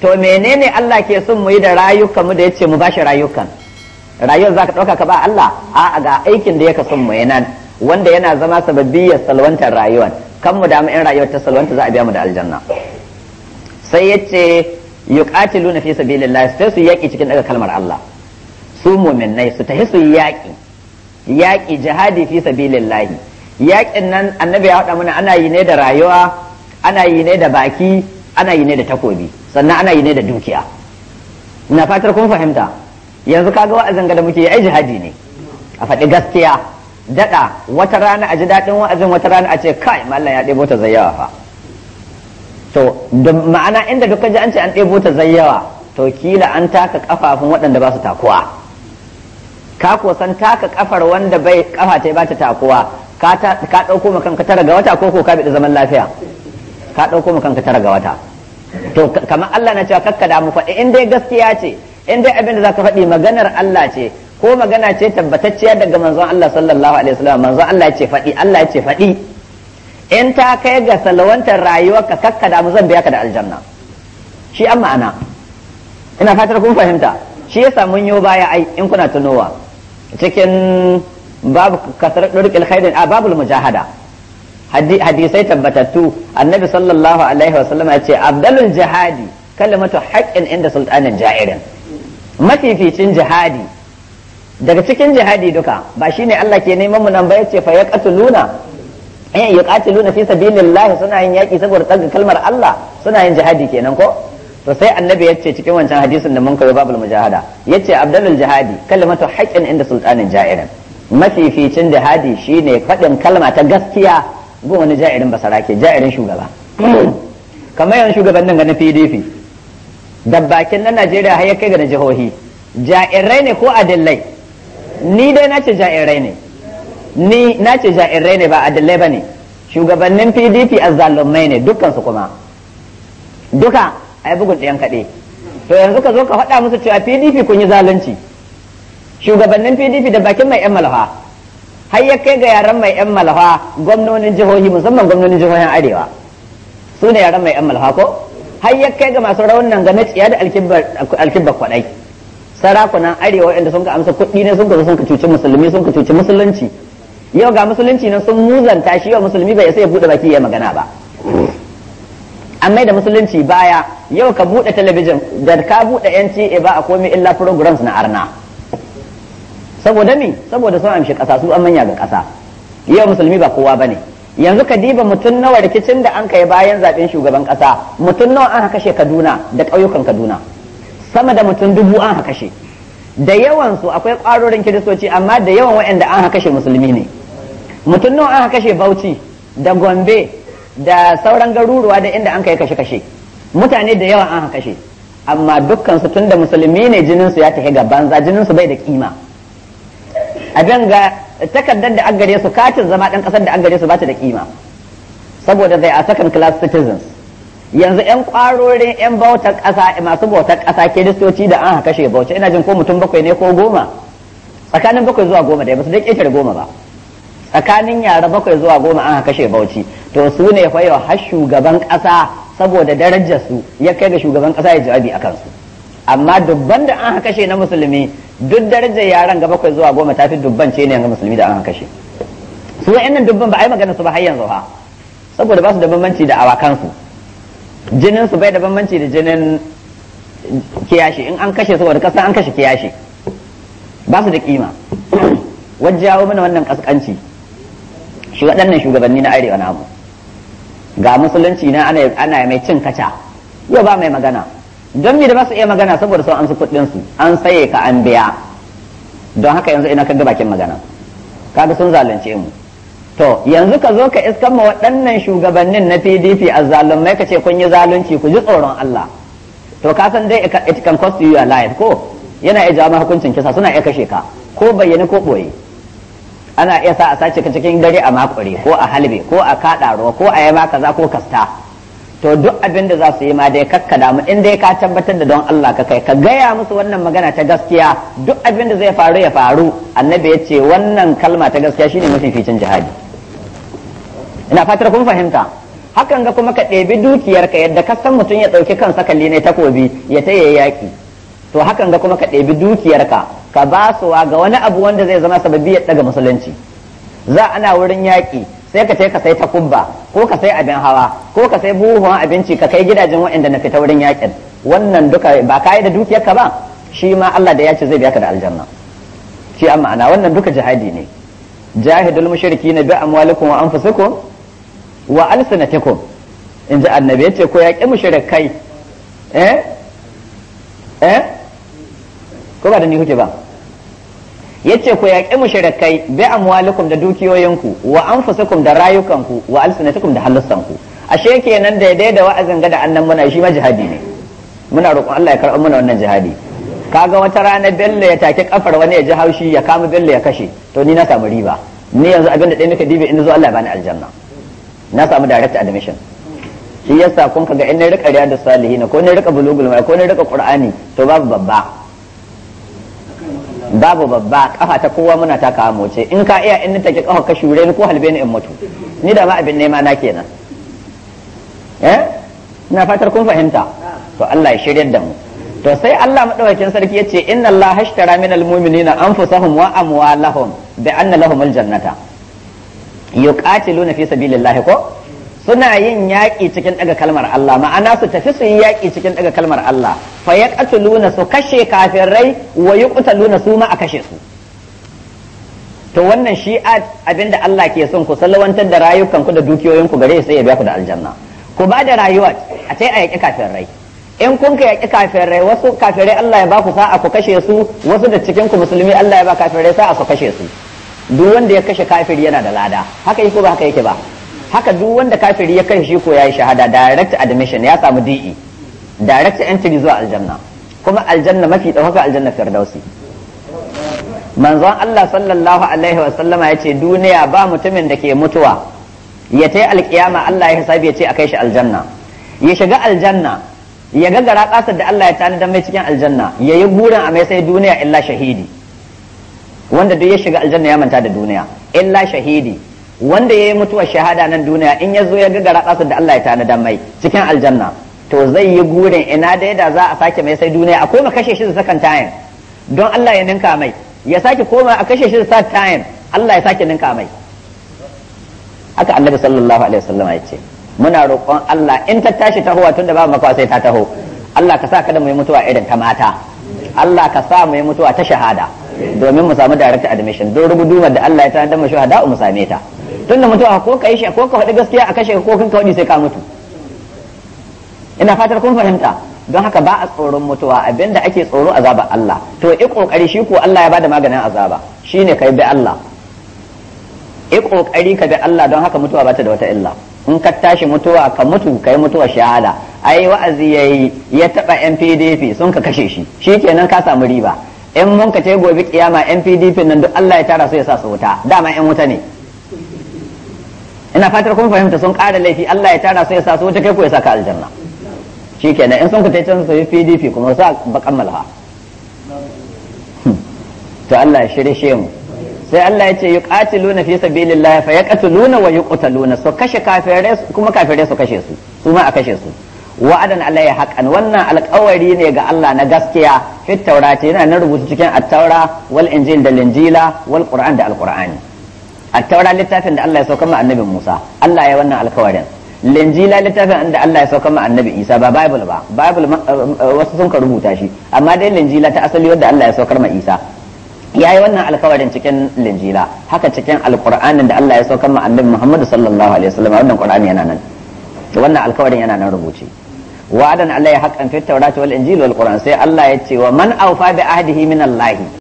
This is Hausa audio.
to menene Allah ke son muyi da rayukan mu da yace mu bashi rayukan rayuwar zaka dauka ka ba Allah a ga aikin da yake son mu yana wanda yana zama ya salwantar rayuwar kan mu da mu in rayuwar ta salwanta za a biya mu da aljanna sai yace yuqatiluna fi sabilillah sai su yaki cikin daga kalmar Allah su mu'minai su tahi su yaki yaki jihadi fi sabilillah yakin nan annabi ya faɗa mana ana yi ne da rayuwa ana yi ne da baki ana yi ne da takobi sannan ana yi ne da dukiya na fatar kun fahimta yanzu kaga wa'azin ga da muke ai jihadi ne a faɗi gaskiya daɗa wata rana a ji daɗin wa'azin wata rana a ce kai mallan ya ɗebo ta zayyawa fa to da ma'ana inda duka ji an ce an ɗebo ta zayyawa to kila an taka kafafun waɗanda ba su takuwa ka ko san taka kafar wanda bai kafa ta ba ta takuwa ka dauko ma ka tara ga wata koko ka bi zaman lafiya ka ɗauko mu kanka tara ga wata to kamar Allah na cewa kakka mu faɗi in dai gaskiya ce in dai abin da zaka faɗi maganar Allah ce ko magana ce tabbatacciya daga manzon Allah sallallahu alaihi wasallam manzon Allah ya ce faɗi Allah ya ce faɗi in ta kai ga salawantar rayuwarka kakka da mu zan biya ka da aljanna shi an ma'ana ina fatar kun fahimta shi yasa mun yo baya ai in kuna tunowa cikin babu kasar ɗurƙil khairin a babul mujahada hadisai tabbatattu annabi sallallahu alaihi wasallam ya ce abdalul jihadi kalimatu haqqin inda sultanin ja'irin mafificin jihadi daga cikin jihadi duka ba shine Allah ke neman mu nan ba yace fa yaqtuluna in eh, yuqatiluna fi sabilillah suna yin yaki saboda tsaga kalmar Allah suna yin jihadi kenan ko to sai annabi yace cikin wancan hadisin da mun kai babul mujahada yace abdalul jihadi kalimatu haqqin inda sultanin ja'irin mafificin jihadi shine faɗin kalma ta gaskiya gun wani ja'irin basara ke ja'irin shugaba hmm. kamar yanzu shugaban nan ga na pdp da na najeriya har ya kai ga na jihohi ja'irai ne ko adillai ni dai na ce ja'irai ne ni na ce ja'irai ne ba adillai ba ne shugabannin pdp a azzalumai ne dukkansu kuma duka ai bugun ɗayan kaɗe to yanzu ka zo ka faɗa musu cewa pdp kun yi zalunci shugabannin pdp da bakin mai yan malafa har ya kai ga yaran mai yan malafa gwamnonin jihohi musamman gwamnonin jihohin arewa su ne yaran mai yan malafa ko har ya kai ga masu raunin game tsiya da alkibbar kwadai sarakunan arewa inda sun ka amsa kuɗi ne sun ka sun ka cuci musulmi sun ka cuci musulunci yau ga musulunci nan sun muzanta shi yau musulmi bai sai ya bude baki ya magana ba amma da musulunci baya yau ka bude talabijin da ka bude yanci ba a komai illa programs na arna saboda mi saboda sun amshi ƙasa su an manya ga ƙasa yau musulmi ba kowa bane yanzu ka diba mutum nawa rikicin da an kai bayan zaben shugaban ƙasa mutum nawa an kashe Kaduna da ƙauyukan Kaduna sama da mutum dubu an kashe da yawan su akwai ƙwarorin kiristoci amma da yawan waɗanda an kashe musulmi ne mutum nawa an kashe Bauchi da Gombe da sauran garuruwa da inda an kai kashe-kashe mutane da yawa an kashe amma dukkan su tunda musulmi ne jinin su ya tafi ga banza jinin su bai da kima A ga takardar da gare su katin zama ɗan ƙasar da gare su ba ta da kima saboda zai a second class citizens yanzu 'yan kwarorin 'yan bautar ƙasa masu bautar ƙasa kiristoci da an kashe bauchi ina jin ko mutum bakwai ne ko goma tsakanin bakwai zuwa goma dai basu dai ƙetare goma ba tsakanin yara bakwai zuwa goma an kashe bauchi to su ne fayo har shugaban ƙasa saboda darajarsu ya kai ga shugaban ƙasa ya jawabi a kansu amma dubban da an kashe na musulmi duk darajar yaran ga bakwai zuwa goma tafi dubban ce ne ga musulmi da an kashe su nan dubban ba a yi magana su ba har yanzu ha saboda ba su da bambanci da awakansu jinin su bai da bambanci da jinin kiyashi in an kashe saboda kasan an kashe kiyashi ba su da kima wajjawo mana wannan kaskanci shi waɗannan shugabanni na arewa namu ga musulunci na ana mai cin kaca yau ba mai magana don me da ba su iya magana saboda sun an su kuɗin su an saye ka an biya don haka yanzu ina kaga bakin magana kaga sun zalunce mu to yanzu ka zo ka iskan ma waɗannan shugabannin na PDP a zalunmai ka ce kun yi zalunci ku ji tsoron Allah to ka san dai it can cost you your life ko yana iya jawo hukuncin kisa suna iya kashe ka ko bayyane ko boye ana iya sa a sace ka cikin dare a makure ko a halbe ko a kaɗa ruwa ko a yama kaza ko kasta to duk abin da za su yi ma dai kakka da in dai ka tabbatar da don Allah ka kai ka gaya musu wannan magana ta gaskiya duk abin da zai faru ya faru annabi ya ce wannan kalma ta gaskiya shine mafificin jihadi ina fatar kun fahimta hakan ga kuma ka ɗebi dukiyarka yadda ka san mutum ya ɗauki kan sakalli ne takobi ya ta yaki to hakan ga kuma ka ɗebi dukiyarka ka basuwa ga wani abu wanda zai zama sababi ya ɗaga musulunci za ana wurin yaƙi sai ka ce ka sai takubba ko ka sai abin hawa ko ka sai buhuwan abinci ka kai gidajen waɗanda na fita wurin yakin wannan duka ba ka yi da dukiyarka ba shi ma Allah da ya ce zai biya ka da aljanna shi amma ana wannan duka jihadi ne jahidul mushrikina bi amwalikum wa anfusikum wa alsinatikum in ji annabi ya ce ko yaƙi mushrikai eh eh ko ba da ni kuke ba yace ku yaƙi mushrikai bi amwalikum da dukiyoyinku wa anfusakum da rayukanku wa alsunatukum da halussanku ashe kenan da daidai da wa'azin ga da annan muna shi ma jihadi ne muna roƙon Allah ya karɓa mana wannan jihadi kaga wata rana bello ya take kafar wani ya ji haushi ya kama bello ya kashe to ni na samu riba ni yanzu abin da ɗaya nake dibe inda zo Allah ya bani aljanna na samu direct admission shi yasa kun kaga in na rika riyadu salihin ko na rika bulugul ko na rika qur'ani to babu babba babu babba kafa ta kowa muna taka moce in ka iya in take kafa ka shure ni ko halbe ni in mutu ni da ma abin nema na kenan eh fatar kun fahimta to Allah ya shiryar da mu to sai Allah madaukakin sarki yace inna Allah hashtara min almu'minina anfusahum wa amwalahum bi anna lahum aljannata yuqatiluna fi sabilillahi ko suna yin yaƙi cikin ɗaga kalmar Allah ma'ana su tafi su yi yaƙi cikin ɗaga kalmar Allah fa ya ƙatuluna su kashe kafirai wa yi ƙutaluna su ma a kashe su to wannan shi abinda Allah ke son ku salwantar da rayukanku da dukiyoyinku gare sai ya biya ku da aljanna ku ba da rayuwa a ce a yaƙi kafirai in kun ka yaƙi kafirai wasu kafirai Allah ya ba ku sa'a ku kashe su wasu da cikin ku musulmi Allah ya ba kafirai sa'a ku kashe su duk wanda ya kashe kafiri yana da lada haka yake ba haka yake ba haka duk wanda kafiri ya kai shi ko yi shahada direct admission ya samu DE direct entry zuwa aljanna kuma aljanna mafi ɗaukaka aljanna firdausi manzon Allah sallallahu alaihi wasallama ya ce duniya ba mutumin da ke mutuwa ya ta alkiyama Allah ya hisabi ya ce a kai shi aljanna ya shiga aljanna ya ga gara kasar da Allah ya tani don mai cikin aljanna ya yi burin a mai sai duniya illa shahidi wanda duk ya shiga aljanna ya manta da duniya illa shahidi wanda ya yi mutuwar shahada nan duniya in ya zo ya gagara ƙasar da Allah ya tanada mai cikin aljanna to zai yi gurin ina da da za a sake mai sai duniya a koma kashe shi da sakan tayin don Allah ya ninka mai ya sake koma a kashe shi da sakan tayin Allah ya sake ninka mai haka annabi sallallahu alaihi wasallam ya ce muna roƙon Allah in ta tashi tahowa tunda babu makawa sai ta taho Allah ka sa kada mu yi mutuwa irin ta mata Allah ka sa mu yi mutuwa ta shahada domin mu samu direct admission don rubudumar da Allah ya da mu shahada mu same ta tunda mutuwa ko kai shi ko ka faɗi gaskiya a kashe ko kun ka sai ka mutu ina fatar kun fahimta don haka ba a tsoron mutuwa abinda ake tsoro azabar Allah to i kokari shi ko Allah ya bada maganin azaba shine kai bi Allah i kokari ka bi Allah don haka mutuwa ba ta da wata illa in ka tashi mutuwa ka mutu kai mutuwa shahada ai wa'azi yayi ya taba PDP sun ka kashe shi shikenan ka samu riba in mun ka ce gobe kiyama MPDP nan duk Allah ya tara su ya sa su wuta dama yan wuta ne ina fatar kun fahimta sun ƙara laifi Allah ya tara su ya sa su wata kai ko ya ka aljanna shikenan in sun kuta can su yi PDP kuma sa bakan malha hmm. to Allah ya shirye mu sai Allah ya ce yuqatiluna fi sabilillah fa yaqtuluna wa yuqtaluna so kashe kafirai kuma kafirai su kashe su su ma a kashe su wa'adan ya haqqan wannan alƙawari ne ga Allah na gaskiya fit taurati yana na rubutu cikin at wal injil da linjila wal qur'an da al-qur'ani a taura littafin da Allah ya sauka ma annabi Musa Allah ya wannan alkawarin linjila littafin da Allah ya sauka ma annabi Isa ba bible ba bible uh, uh, wasu sun ka rubuta shi amma dai linjila ta asali wanda Allah ya saukar ma Isa ya yi wannan alkawarin cikin linjila haka cikin alkur'anin da Allah ya saukar ma annabi Muhammad sallallahu alaihi wasallam wannan qur'ani yana nan wannan alkawarin yana nan rubuce wa'adan Allah ya haqqan fit tawrat wal injil wal qur'an sai Allah ya ce wa man awfa bi ahdihi min